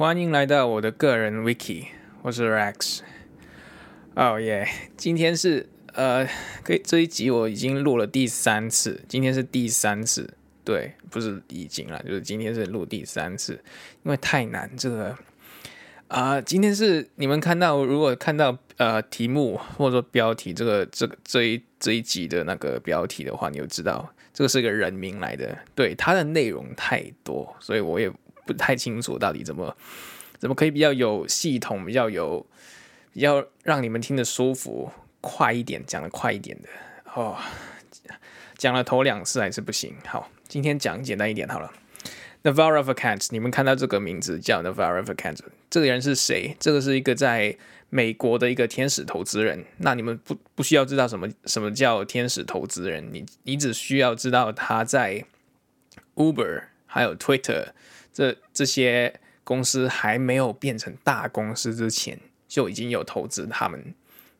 歡迎來到我的個人 Wiki，我是 Rex。哦、oh、耶，yeah，今天是呃，可以，這一集我已經錄了第三次，今天是第三次。對，不是已經了，就是今天是錄第三次，因為太難這個啊、呃。今天是你們看到，如果看到呃題目或者說標題，這個這個這一這一集的那個標題的話，你就知道這個是個人名來的。對，它的內容太多，所以我也。不太清楚到底怎麼怎麼可以比較有系統，比較有比較讓你們聽得舒服，快一點講得快一點的哦。講了頭兩次還是不行，好，今天講簡單一點好了。Naval Ravikant，你們看到這個名字叫 Naval Ravikant，這個人是誰？這個是一個在美國的一個天使投資人。那你們不不需要知道什麼什麼叫天使投資人，你你只需要知道他在 Uber 還有 Twitter。這這些公司還沒有變成大公司之前，就已經有投資他們。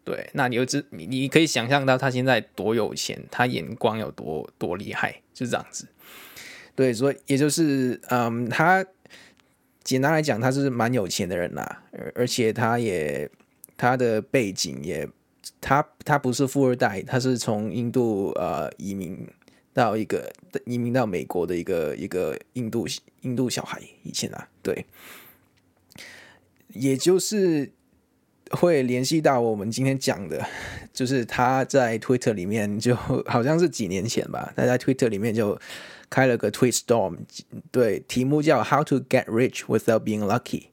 對，那你就你你可以想象到他現在多有錢，他眼光有多多厲害，就這樣子。對，所以也就是，嗯，他簡單來講，他是蠻有錢的人啦，而而且他也他的背景也，他他不是富二代，他是從印度呃移民。到一個移民到美國的一個一個印度印度小孩以前啊，對，也就是會聯繫到我們今天講的，就是他在 Twitter 裡面就好像是幾年前吧，他在 Twitter 裡面就開了個 tweetstorm，對，題目叫 How to get rich without being lucky，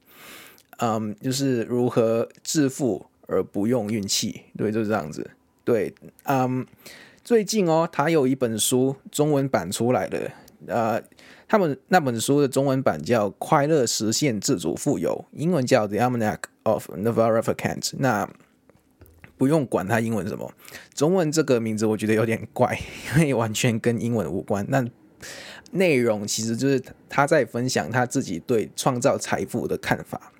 嗯，就是如何致富而不用運氣，對，就是這樣子，對，嗯。最近哦，他有一本書中文版出來了，呃，他們那本書的中文版叫《快樂實現自主富有》，英文叫《The Almanack of Naval Ravikant》。那不用管他英文什麼，中文這個名字我覺得有點怪，因為完全跟英文無關。那內容其實就是他在分享他自己對創造財富的看法。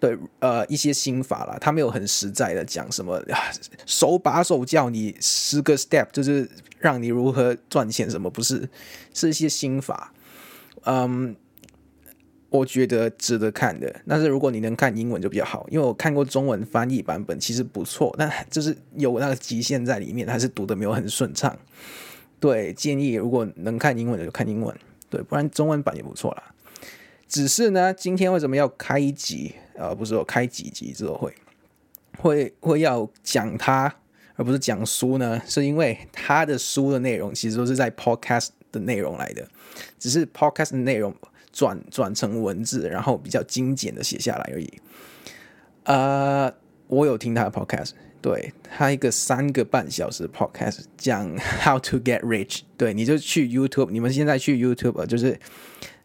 對，呃，一些心法啦，他沒有很實在的講什麼，手把手教你十個 step，就是讓你如何賺錢什麼，不是，是一些心法，嗯，我覺得值得看的。但是如果你能看英文就比較好，因為我看過中文翻譯版本，其實不錯，但就是有那個極限在裡面，還是讀的沒有很順暢。對，建議如果能看英文的就看英文，對，不然中文版也不錯啦。只是呢，今天為什麼要開一集，呃，不是說開幾集之後會會會要講他，而不是講書呢？是因為他的書的內容其實都是在 podcast 的內容來的，只是 podcast 的內容轉轉成文字，然後比較精簡的寫下來而已。呃，我有聽他的 podcast，對，他一個三個半小時 podcast 講 How to Get Rich，對，你就去 YouTube，你們現在去 YouTube 就是。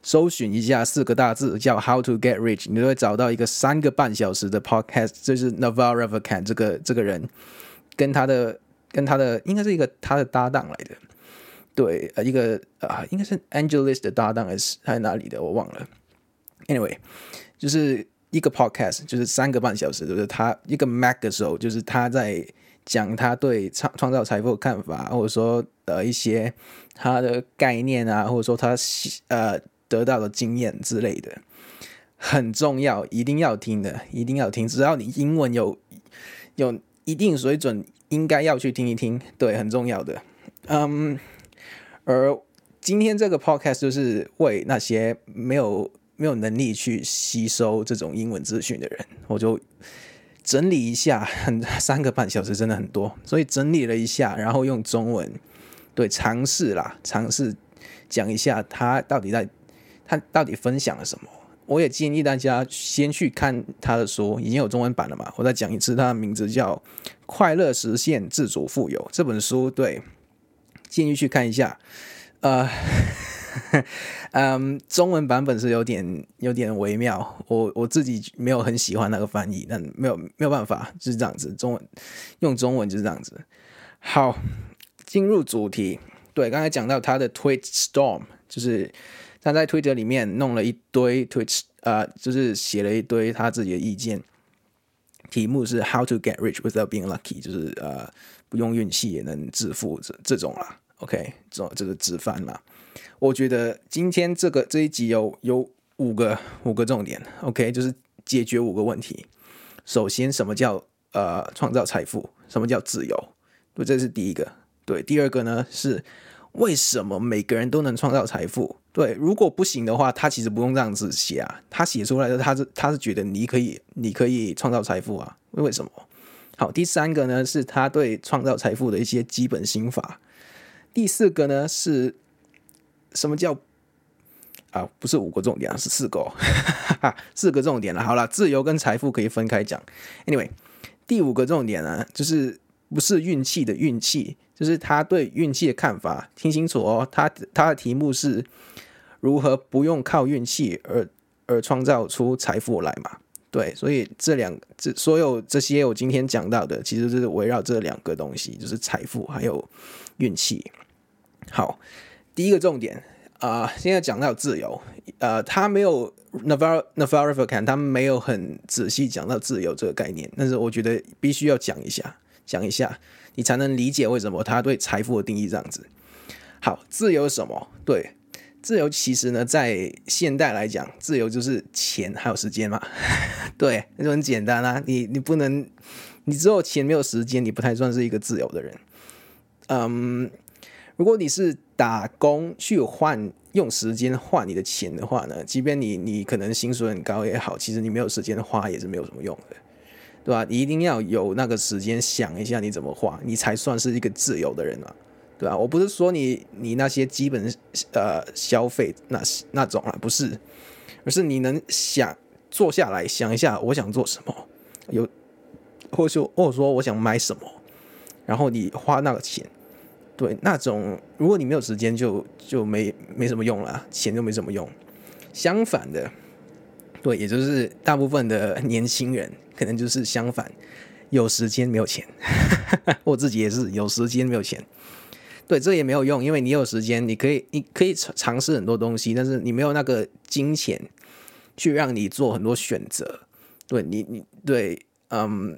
搜尋一下四個大字叫 “How to get rich”，你就會找到一個三個半小時的 podcast，就是 Naval Ravikant 這個這個人跟他的跟他的應該是一個他的搭檔來的，對，呃一個啊應該是 AngelList 的搭檔還是還是哪裡的我忘了。Anyway，就是一個 podcast，就是三個半小時，就是他一個 Mac 的時候，就是他在講他對創創造財富的看法，或者說呃一些他的概念啊，或者說他呃。得到的經驗之類的很重要，一定要聽的，一定要聽。只要你英文有有一定水準，應該要去聽一聽。對，很重要的。嗯，um，而今天這個 podcast 就是為那些沒有沒有能力去吸收這種英文資訊的人，我就整理一下，很，三個半小時真的很多，所以整理了一下，然後用中文，對，嘗試啦，嘗試講一下他到底在。他到底分享了什麼？我也建議大家先去看他的書，已經有中文版了嘛？我再講一次，他的名字叫《快樂實現自主富有》這本書。對，建議去看一下。呃， 嗯，中文版本是有點有點微妙，我我自己沒有很喜歡那個翻譯，但沒有沒有辦法，就是這樣子。中文用中文就是這樣子。好，進入主題。對，剛才講到他的 tweetstorm，就是。他在推特裡面弄了一堆 Twitch，呃，就是寫了一堆他自己的意見，題目是 How to get rich without being lucky，就是呃不用運氣也能致富這這種啦，啊。OK，這這就是直翻嘛。我覺得今天這個這一集有有五個五個重點，OK，就是解決五個問題。首先，什麼叫呃創造財富？什麼叫自由？不，這是第一個。對，第二個呢是為什麼每個人都能創造財富？對，如果不行的話，他其實不用這樣子寫啊。他寫出來的，他是他是覺得你可以，你可以創造財富啊。為什麼？好，第三個呢，是他對創造財富的一些基本心法。第四個呢，是什麼叫啊？不是五個重點啊，是四個、哦， 四個重點了、啊。好了，自由跟財富可以分開講。Anyway，第五個重點呢、啊，就是不是運氣的運氣，就是他對運氣的看法。聽清楚哦，他他的題目是。如何不用靠運氣而而創造出財富來嘛？對，所以這兩這所有這些我今天講到的，其實就是圍繞這兩個東西，就是財富還有運氣。好，第一個重點啊、呃，現在講到自由啊、呃，他沒有 Naval、Naval Ravikant, 他沒有很仔細講到自由這個概念，但是我覺得必須要講一下，講一下，你才能理解為什麼他對財富的定義這樣子。好，自由是什麼？對。自由其實呢，在現代來講，自由就是錢還有時間嘛， 對，那就很簡單啦、啊。你你不能，你只有錢沒有時間，你不太算是一個自由的人。嗯，如果你是打工去換用時間換你的錢的話呢，即便你你可能薪水很高也好，其實你沒有時間花也是沒有什麼用的，對吧？你一定要有那個時間想一下你怎麼花，你才算是一個自由的人啊。對啊，我不是說你你那些基本呃消費那那種啊，不是，而是你能想坐下來想一下，我想做什麼，有或者說或者說我想買什麼，然後你花那個錢，對那種如果你沒有時間就，就就沒沒什麼用了，錢就沒什麼用。相反的，對，也就是大部分的年輕人可能就是相反，有時間沒有錢， 我自己也是有時間沒有錢。對，這也沒有用，因為你有時間，你可以，你可以嘗嘗試很多東西，但是你沒有那個金錢去讓你做很多選擇。對你，你對，嗯，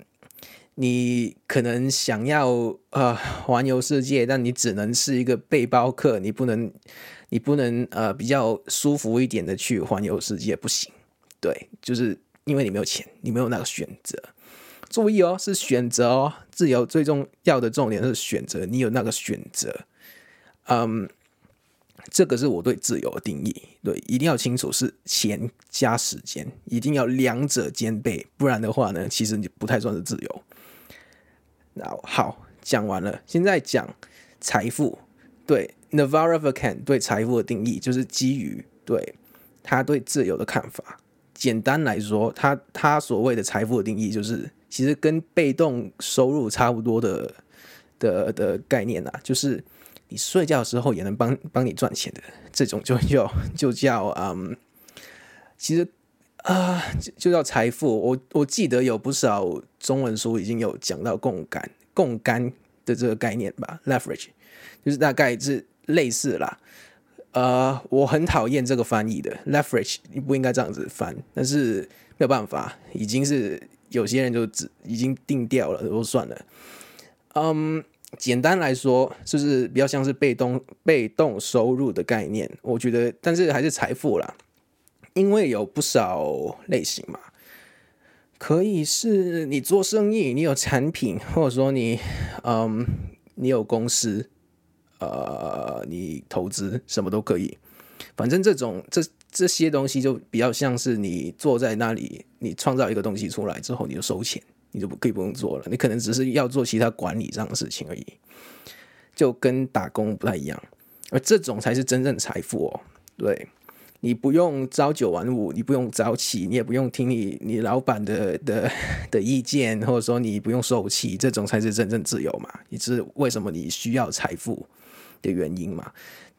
你可能想要呃環遊世界，但你只能是一個背包客，你不能，你不能呃比較舒服一點的去環遊世界，不行。對，就是因為你沒有錢，你沒有那個選擇。注意哦，是選擇哦。自由最重要的重點是選擇，你有那個選擇，嗯、um,，這個是我對自由的定義。對，一定要清楚是錢加時間，一定要兩者兼備，不然的話呢，其實你不太算是自由。那好，講完了，現在講財富。對 Naval Ravikant 對財富的定義就是基於對他對自由的看法。簡單來說，他他所謂的財富的定義就是。其實跟被動收入差不多的的的概念吶、啊，就是你睡覺的時候也能幫幫你賺錢的這種就，就叫就叫嗯，其實啊、呃、就，就叫財富。我我記得有不少中文書已經有講到槓桿槓桿的這個概念吧，leverage 就是大概是類似啦、呃。我很討厭這個翻譯的，leverage 你不應該這樣子翻，但是沒有辦法，已經是。有些人就只已經定掉了都算了，嗯、um,，簡單來說就是，是比較像是被動被動收入的概念，我覺得，但是還是財富啦，因為有不少類型嘛，可以是你做生意，你有產品，或者說你，嗯、um,，你有公司，呃，你投資什麼都可以，反正這種這。這些東西就比較像是你坐在那裡，你創造一個東西出來之後，你就收錢，你就可以不用做了。你可能只是要做其他管理上的事情而已，就跟打工不太一樣。而這種才是真正財富哦。對你不用朝九晚五，你不用早起，你也不用聽你你老闆的的的意見，或者說你不用受氣，這種才是真正自由嘛？你是為什麼你需要財富的原因嘛？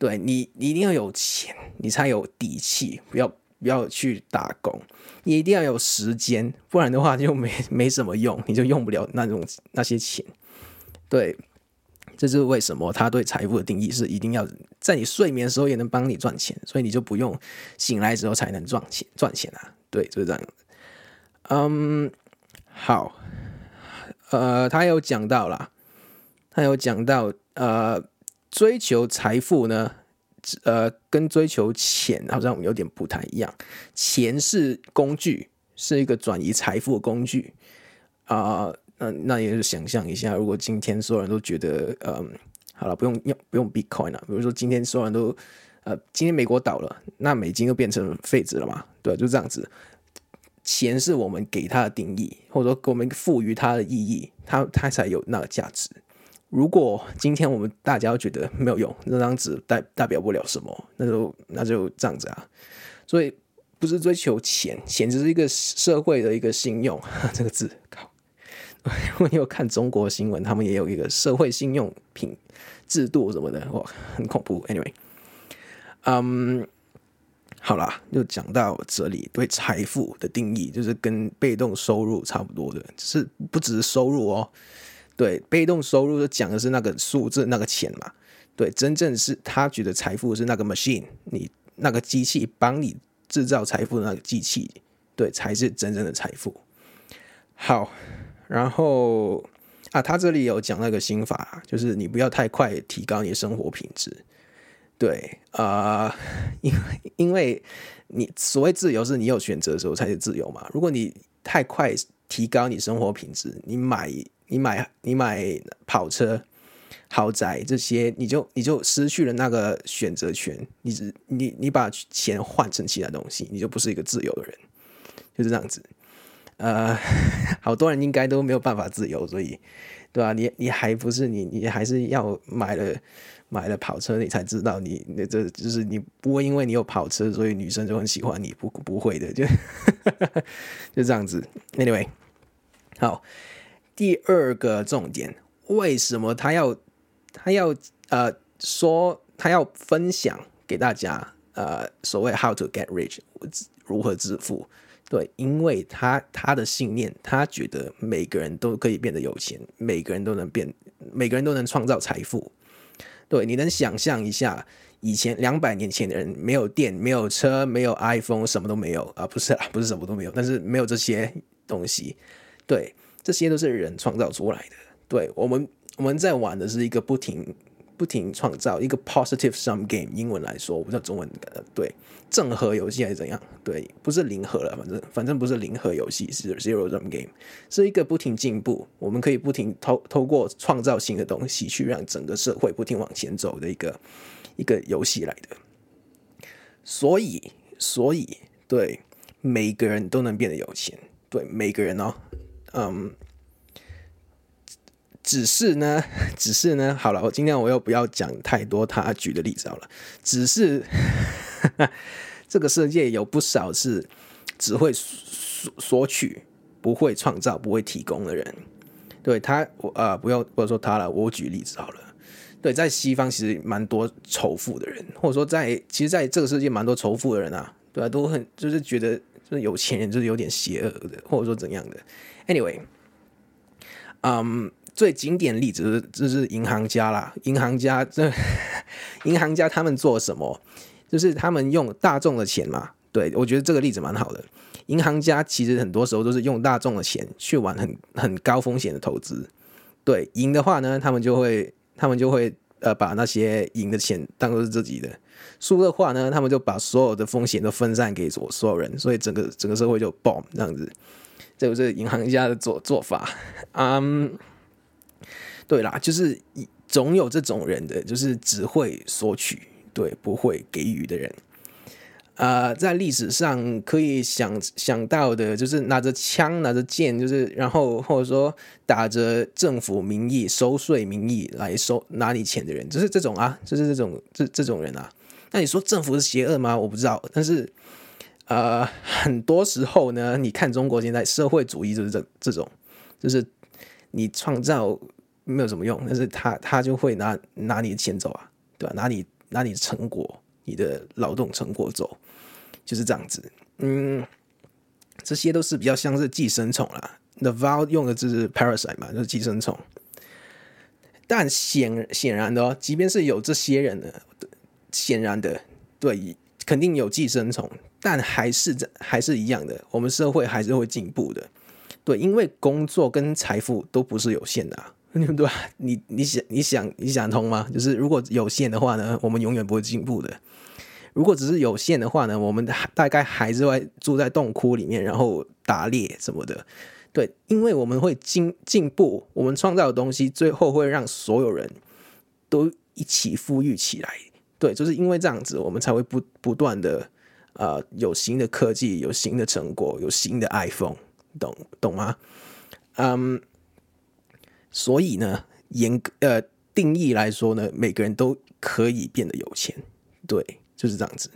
對你，你一定要有錢，你才有底氣。不要不要去打工，你一定要有時間，不然的話就沒沒什麼用，你就用不了那種那些錢。對，這就是為什麼他對財富的定義是一定要在你睡眠的時候也能幫你賺錢，所以你就不用醒來之後才能賺錢賺錢啊。對，就是這樣。嗯，好，呃，他有講到啦，他有講到呃。追求財富呢，呃，跟追求錢好像有點不太一樣。錢是工具，是一個轉移財富的工具啊、呃。那那也是想象一下，如果今天所有人都覺得，嗯、呃，好了，不用用不用 Bitcoin 了。比如說今天所有人都，呃，今天美國倒了，那美金又變成廢紙了嘛？對，就這樣子。錢是我們給它的定義，或者說給我們賦予它的意義，它它才有那個價值。如果今天我們大家覺得沒有用，那張紙代代表不了什麼，那就那就這樣子啊。所以不是追求錢，錢只是一個社會的一個信用，這個字靠，我 有看中國新聞，他們也有一個社會信用品制度什麼的，哇，很恐怖。Anyway，嗯，um, 好了，就講到這裡，對財富的定義就是跟被動收入差不多的，只、就是不只是收入哦、喔。對，被動收入，就講的是那個數字那個錢嘛。對，真正是他舉的財富是那個 machine，你那個機器幫你製造財富的那個機器，對，才是真正的財富。好，然後啊，他這裡有講那個心法，就是你不要太快提高你的生活品質。對啊，呃，因為因為你所謂自由是你有選擇的時候才是自由嘛。如果你太快提高你生活品質，你買。你買你買跑車、豪宅這些，你就你就失去了那個選擇權。你只你你把錢換成其他東西，你就不是一個自由的人，就是這樣子。呃，好多人應該都沒有辦法自由，所以，對啊，你你還不是你，你還是要買了買了跑車，你才知道你。那這就是你不會因為你有跑車，所以女生就很喜歡你，不不會的，就 就這樣子。anyway，好。第二個重點，為什麼他要他要呃說他要分享給大家呃所謂 How to get rich 如何致富？對，因為他他的信念，他覺得每個人都可以變得有錢，每個人都能變，每個人都能創造財富。對，你能想象一下，以前兩百年前的人沒有電，沒有車，沒有 iPhone，什麼都沒有啊？不是啦，不是什麼都沒有，但是沒有這些東西，對。這些都是人創造出來的。對，我們，我們在玩的是一個不停、不停創造一個 positive sum game。英文來說，我不知道中文對正和遊戲還是怎樣。對，不是零和了，反正反正不是零和遊戲，是 zero sum game，是一個不停進步，我們可以不停透透過創造新的東西，去讓整個社會不停往前走的一個一個遊戲來的。所以，所以對每個人都能變得有錢，對每個人哦。嗯，只是呢，只是呢，好了，我今天我又不要講太多他舉的例子好了。只是呵呵這個世界有不少是只會索索取、不會創造、不會提供的人。對他，啊、呃，不要或者說他了。我舉例子好了。對，在西方其實蠻多仇富的人，或者說在其實，在這個世界蠻多仇富的人啊，對啊都很就是覺得，就是有錢人就是有點邪惡的，或者說怎樣的。Anyway，嗯，最經典的例子，就是，就是銀行家啦。銀行家這銀行家他們做什麼？就是他們用大眾的錢嘛。對，我覺得這個例子蠻好的。銀行家其實很多時候都是用大眾的錢去玩很很高風險的投資。對，贏的話呢，他們就會他們就會呃把那些贏的錢當做是自己的；輸的話呢，他們就把所有的風險都分散給所所有人，所以整個整個社會就 boom 這樣子。這不是銀行家的做做法。嗯、um,，對啦，就是總有這種人的，就是只會索取，對，不會給予的人。啊、uh,，在歷史上可以想想到的，就是拿着槍、拿着劍，就是然後或者說打着政府名義、收稅名義來收拿你錢的人，就是這種啊，就是這種這這種人啊。那你說政府是邪惡嗎？我不知道，但是。呃，很多時候呢，你看中國現在社會主義就是這這種，就是你創造沒有什麼用，但是他他就會拿拿你的錢走啊，對吧、啊？拿你拿你的成果，你的勞動成果走，就是這樣子。嗯，這些都是比較像是寄生蟲啦，The Vow 用的就是 parasite 嘛，就是寄生蟲。但顯顯然的、哦，即便是有這些人呢，顯然的，對，肯定有寄生蟲。但還是還是一樣的。我們社會還是會進步的，對，因為工作跟財富都不是有限的啊，對吧？你你想你想你想通嗎？就是如果有限的話呢，我們永遠不會進步的。如果只是有限的話呢，我們大概還是會住在洞窟裡面，然後打獵什麼的，對。因為我們會進進步，我們創造的東西最後會讓所有人都一起富裕起來，對，就是因為這樣子，我們才會不不斷的。呃，有新的科技，有新的成果，有新的 iPhone，懂懂嗎？嗯、um,，所以呢，嚴格呃定義來說呢，每個人都可以變得有錢，對，就是這樣子。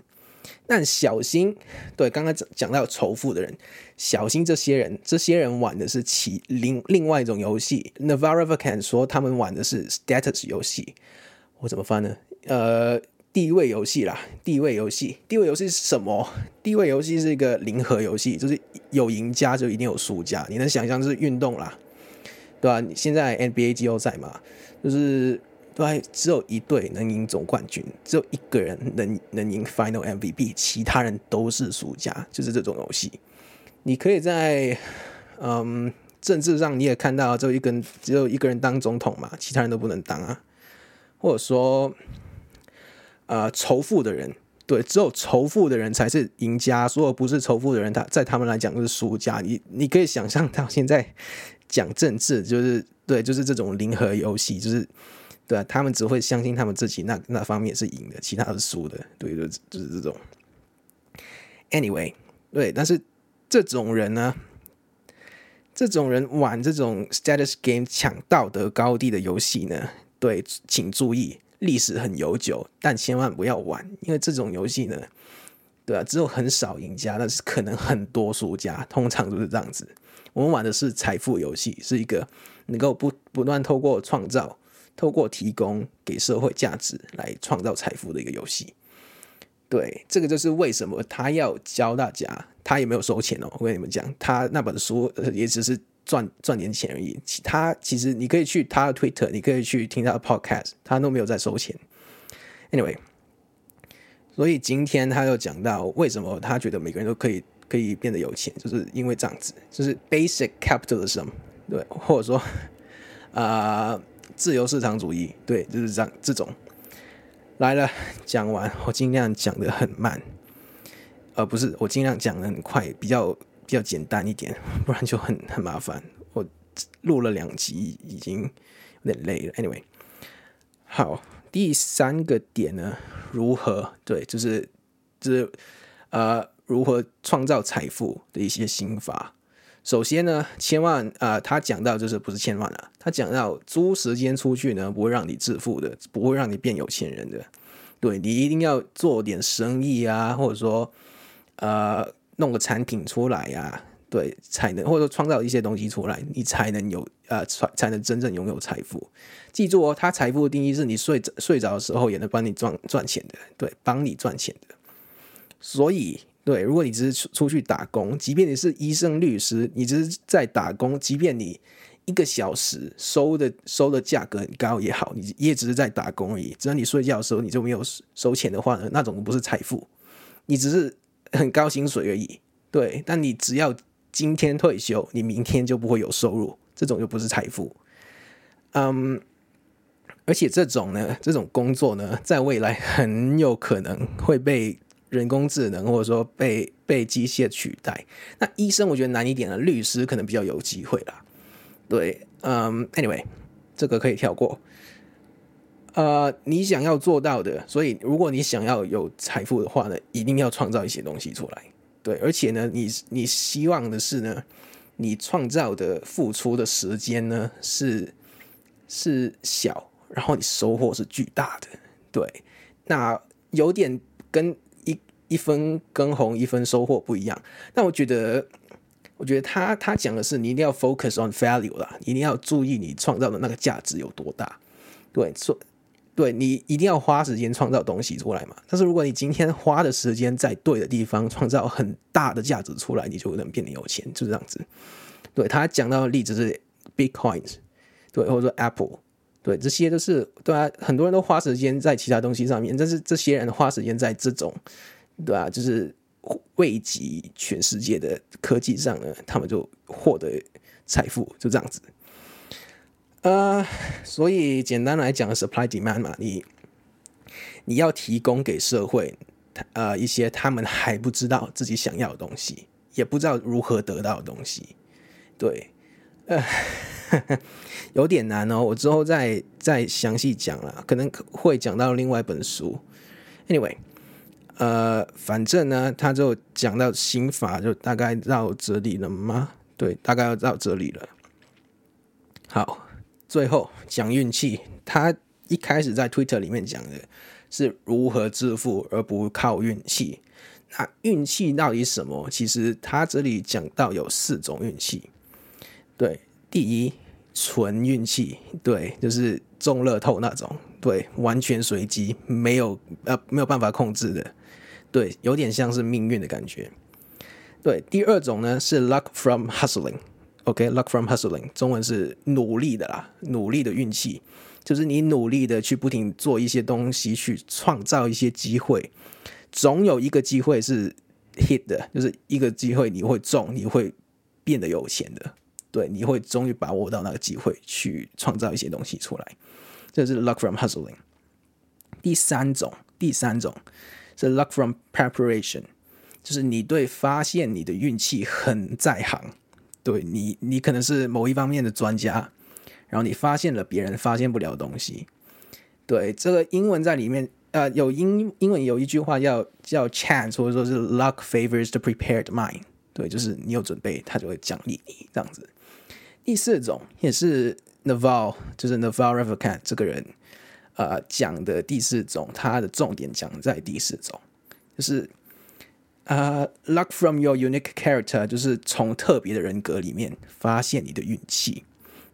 但小心，對，剛剛講講到仇富的人，小心這些人，這些人玩的是其另另外一種遊戲。Naval Ravikant 說他們玩的是 Status 遊戲，我怎麼翻呢？呃。地位遊戲啦，地位遊戲，地位遊戲是什麼？地位遊戲是一個零和遊戲，就是有贏家就一定有輸家。你能想象就是運動啦，對吧，啊？你現在 NBA 季後賽嘛，就是對，只有一隊能贏總冠軍，只有一個人能能贏 Final MVP，其他人都是輸家，就是這種遊戲。你可以在嗯政治上你也看到，只有一個，只有一個人當總統嘛，其他人都不能當啊，或者說。呃，仇富的人，對，只有仇富的人才是贏家，所有不是仇富的人，他在他們來講是輸家。你你可以想象到現在講政治就是對，就是這種零和遊戲，就是對啊，他們只會相信他們自己那那方面是贏的，其他是輸的，對，就就是這種。Anyway，對，但是這種人呢，這種人玩這種 status game 搶道德高地的遊戲呢，對，請注意。歷史很悠久，但千萬不要玩，因為這種遊戲呢，對啊，只有很少贏家，但是可能很多輸家，通常都是這樣子。我們玩的是財富遊戲，是一個能夠不不斷透過創造、透過提供給社會價值來創造財富的一個遊戲。對，這個就是為什麼他要教大家，他也沒有收錢哦。我跟你們講，他那本書也只是。賺賺點錢而已，其他其實你可以去他的 Twitter，你可以去聽他的 Podcast，他都沒有在收錢。Anyway，所以今天他就講到為什麼他覺得每個人都可以可以變得有錢，就是因為這樣子，就是 Basic Capitalism，對，或者說啊、呃、自由市場主義，對，就是這樣這種。來了，講完我盡量講得很慢，而、呃、不是我盡量講得很快，比較。比較簡單一點，不然就很很麻煩。我錄了兩集，已經有點累了。Anyway，好，第三個點呢，如何對，就是就是呃，如何創造財富的一些心法。首先呢，千萬啊、呃，他講到就是不是千萬了、啊，他講到租時間出去呢，不會讓你致富的，不會讓你變有錢人的。對，你一定要做點生意啊，或者說呃。弄個產品出來呀、啊，對，才能或者創造一些東西出來，你才能有啊，才、呃、才能真正擁有財富。記住哦，他財富的定義是你睡睡着的時候也能幫你賺賺錢的，對，幫你賺錢的。所以，對，如果你只是出去打工，即便你是醫生、律師，你只是在打工，即便你一個小時收的收的價格很高也好，你也只是在打工而已。只要你睡覺的時候你就沒有收錢的話，那種不是財富，你只是。很高薪水而已，對。但你只要今天退休，你明天就不會有收入，這種就不是財富。嗯、um,，而且這種呢，這種工作呢，在未來很有可能會被人工智能或者說被被機械取代。那醫生我覺得難一點了，律師可能比較有機會啦。對，嗯、um,，anyway，這個可以跳過。呃，你想要做到的，所以如果你想要有財富的話呢，一定要創造一些東西出來，對，而且呢，你你希望的是呢，你創造的付出的時間呢是是小，然後你收穫是巨大的，對，那有點跟一一分耕耘一分收穫不一樣，但我覺得，我覺得他他講的是你一定要 focus on value 啦，一定要注意你創造的那個價值有多大，對，對，你一定要花時間創造東西出來嘛，但是如果你今天花的時間在對的地方，創造很大的價值出來，你就能變得有錢，就是，這樣子。對他講到的例子是 bitcoins，對，或者說 apple，對，這些都，就是對啊，很多人都花時間在其他東西上面，但是這些人花時間在這種，對啊，就是匯集全世界的科技上呢，他們就獲得財富，就這樣子。呃，uh, 所以簡單來講，supply demand 嘛，你你要提供給社會，呃，一些他們還不知道自己想要的東西，也不知道如何得到的東西，對，呃、uh, 有點難哦、喔，我之後再再詳細講了，可能會講到另外一本書。Anyway，呃，反正呢，他就講到心法，就大概到這裡了嗎？對，大概要到這裡了。好。最後講運氣，他一開始在 Twitter 裡面講的是如何致富而不靠運氣。那運氣到底什麼？其實他這裡講到有四種運氣。對，第一純運氣，對，就是中樂透那種，對，完全隨機，沒有呃沒有辦法控制的，對，有點像是命運的感覺。對，第二種呢是 Luck from Hustling。OK，luck、okay, from hustling，中文是努力的啦，努力的運氣，就是你努力的去不停做一些東西，去創造一些機會，總有一個機會是 hit 的，就是一個機會你會中，你會變得有錢的，對，你會終於把握到那個機會去創造一些東西出來，這是 luck from hustling。第三種，第三種是 luck from preparation，就是你對發現你的運氣很在行。對你，你可能是某一方面的專家，然後你發現了別人發現不了的東西。對，這個英文在裡面，呃，有英英文有一句話叫叫 chance，或者說是 luck favors the prepared mind。對，就是你有準備，他就會獎勵你這樣子。第四種也是 Naval，就是 Naval Ravikant 這個人，呃，講的第四種，他的重點講在第四種，就是。啊、uh，Luck from your unique character，就是從特別的人格裡面發現你的運氣。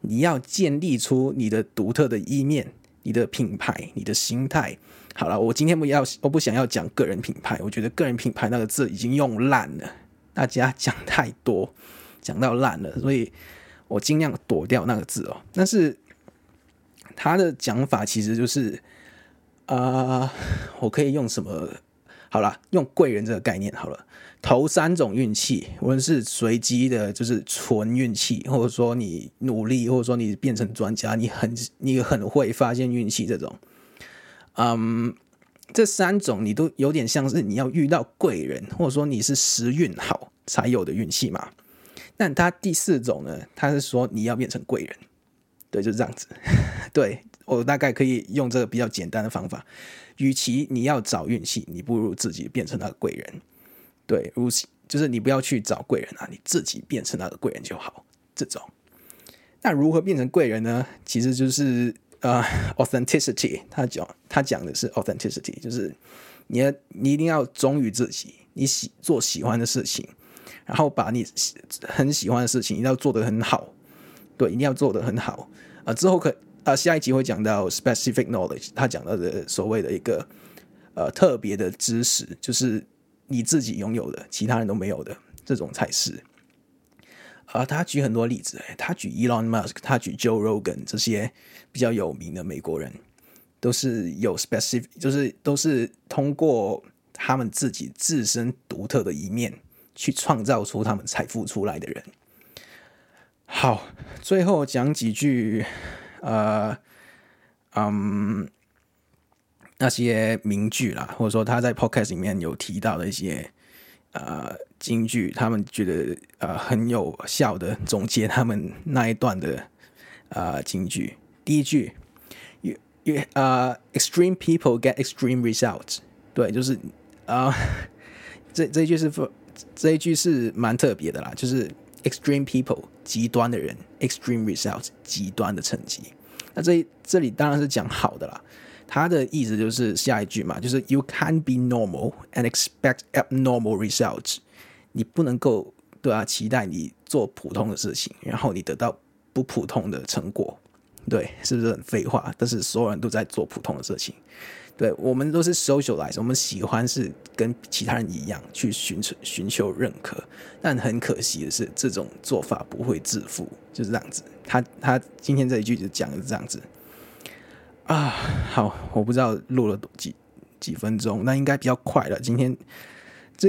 你要建立出你的獨特的一面，你的品牌，你的心態。好了，我今天不要，我不想要講個人品牌，我覺得個人品牌那個字已經用爛了，大家講太多，講到爛了，所以我盡量躲掉那個字哦。但是他的講法其實就是啊，uh, 我可以用什麼？好了，用貴人這個概念好了。頭三種運氣，無論是隨機的，就是純運氣，或者說你努力，或者說你變成專家，你很你很會發現運氣這種，嗯，這三種你都有點像是你要遇到貴人，或者說你是時運好才有的運氣嘛。但他第四種呢，他是說你要變成貴人。對，就是這樣子。 對，我大概可以用這個比較簡單的方法，與其你要找運氣，你不如自己變成那個貴人。對，如就是你不要去找貴人啊，你自己變成那個貴人就好。這種，那如何變成貴人呢？其實就是啊、呃，authenticity，他講他講的是 authenticity，就是你要你一定要忠於自己，你喜做喜歡的事情，然後把你很喜歡的事情一定要做得很好。對，一定要做得很好啊、呃，之後可啊、呃，下一集會講到 specific knowledge，他講到的所謂的一個呃特別的知識，就是你自己擁有的，其他人都沒有的這種才是啊。他、呃、舉很多例子，他舉 Elon Musk，他舉 Joe Rogan 這些比較有名的美國人，都是有 specific，就是都是通過他們自己自身獨特的一面去創造出他們財富出來的人。好，最後講幾句，呃，嗯，那些名句啦，或者說他在 podcast 裡面有提到的一些呃金句，他們覺得呃很有效的總結他們那一段的呃金句。第一句，You you 啊，extreme people get extreme results。對，就是啊、呃，這這一句是這一句是蠻特別的啦，就是。Extreme people，極端的人；extreme results，極端的成績。那這這裡當然是講好的啦。他的意思就是下一句嘛，就是 You can't be normal and expect abnormal results。你不能夠對啊，期待你做普通的事情，然後你得到不普通的成果。對，是不是很廢話？但是所有人都在做普通的事情。對，我們都是 socialize 我們喜歡是跟其他人一樣去尋求尋求認可，但很可惜的是，這種做法不會致富，就是這樣子。他他今天這一句就講的是這樣子啊。好，我不知道錄了多幾幾分鐘，那應該比較快了。今天這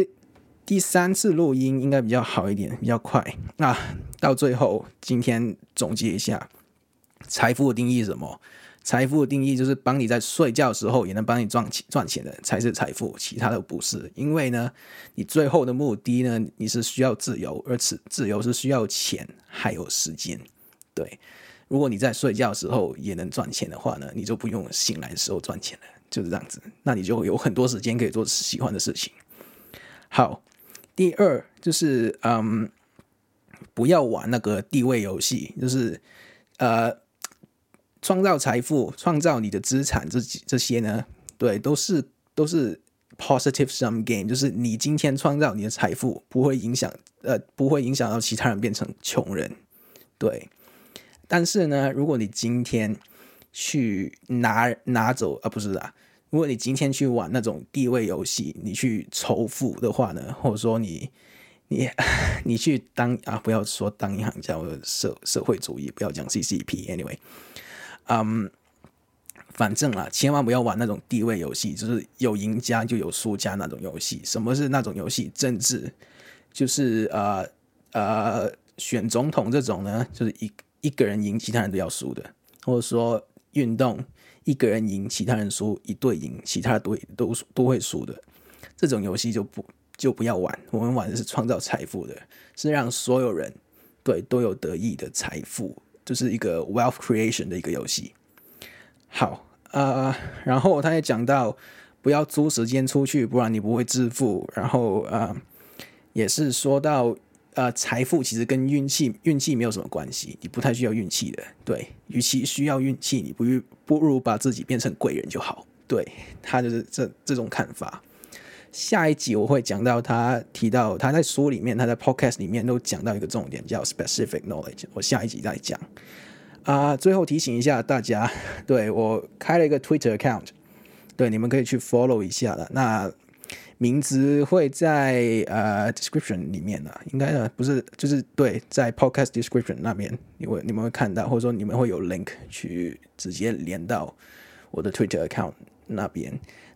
第三次錄音應該比較好一點，比較快。那、啊、到最後，今天總結一下，財富的定義是什麼？財富的定義就是幫你在睡覺的時候也能幫你賺錢，賺錢的才是財富，其他的不是。因為呢，你最後的目的呢，你是需要自由，而自由是需要錢還有時間。對，如果你在睡覺的時候也能賺錢的話呢，你就不用醒來的時候賺錢了，就是這樣子。那你就有很多時間可以做喜歡的事情。好，第二就是嗯，不要玩那個地位遊戲，就是呃。創造財富，創造你的資產這，這這些呢，對，都是都是 positive sum game，就是你今天創造你的財富，不會影響呃，不會影響到其他人變成窮人，對。但是呢，如果你今天去拿拿走啊，不是啊，如果你今天去玩那種地位遊戲，你去仇富的話呢，或者說你你 你去當啊，不要說當銀行家，我社社會主義，不要講 CCP，anyway。嗯，um, 反正啊，千萬不要玩那種地位遊戲，就是有贏家就有輸家那種遊戲。什麼是那種遊戲？政治就是呃呃選總統這種呢，就是一一個人贏，其他人都要輸的；或者說運動，一個人贏，其他人輸；一隊贏，其他隊都都，都會輸的。這種遊戲就不就不要玩。我們玩的是創造財富的，是讓所有人對都有得益的財富。就是一個 wealth creation 的一個遊戲，好啊、呃，然後他也講到，不要租時間出去，不然你不會致富。然後啊、呃，也是說到，呃，財富其實跟運氣，運氣沒有什麼關係，你不太需要運氣的。對，與其需要運氣，你不如不如把自己變成貴人就好。對，他就是這這種看法。下一集我會講到他提到他在書裡面，他在 podcast 裡面都講到一個重點叫 specific knowledge，我下一集再講。啊、呃，最後提醒一下大家，對，我開了一個 Twitter account，對，你們可以去 follow 一下的。那名字會在呃 description 裡面的、啊，應該啊不是，就是對，在 podcast description 那邊你會你們會看到，或者說你們會有 link 去直接連到我的 Twitter account 那邊。